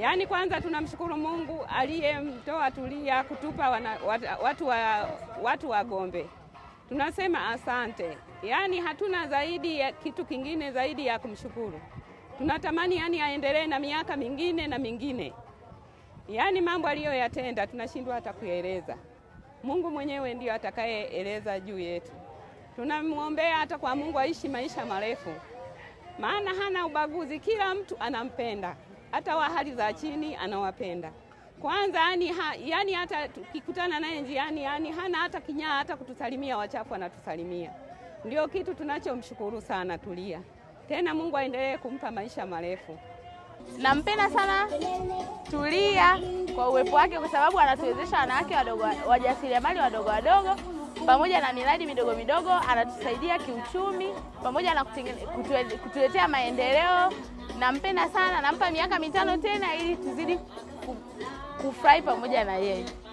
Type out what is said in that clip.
Yaani kwanza tunamshukuru Mungu aliyemtoa Tulia kutupa wana, watu, wa, watu wa Gombe. Tunasema asante. Yaani hatuna zaidi ya kitu kingine zaidi ya kumshukuru. Tunatamani yani aendelee na miaka mingine na mingine. Yaani mambo aliyoyatenda tunashindwa hata kuyaeleza. Mungu mwenyewe ndiyo atakayeeleza juu yetu. Tunamuombea hata kwa Mungu aishi maisha marefu, maana hana ubaguzi, kila mtu anampenda hata wa hali za chini anawapenda kwanza yani, ha, yani hata tukikutana naye njiani yani hana hata kinyaa hata kutusalimia, wachafu anatusalimia. Ndio kitu tunachomshukuru sana Tulia. Tena Mungu aendelee kumpa maisha marefu. Nampenda sana Tulia kwa uwepo wake, kwa sababu anatuwezesha wanawake wadogo, wajasiriamali wadogo wadogo, pamoja na miradi midogo midogo, anatusaidia kiuchumi pamoja na kutuletea maendeleo nampenda sana, nampa miaka mitano tena ili tuzidi kufurahi pamoja na yeye.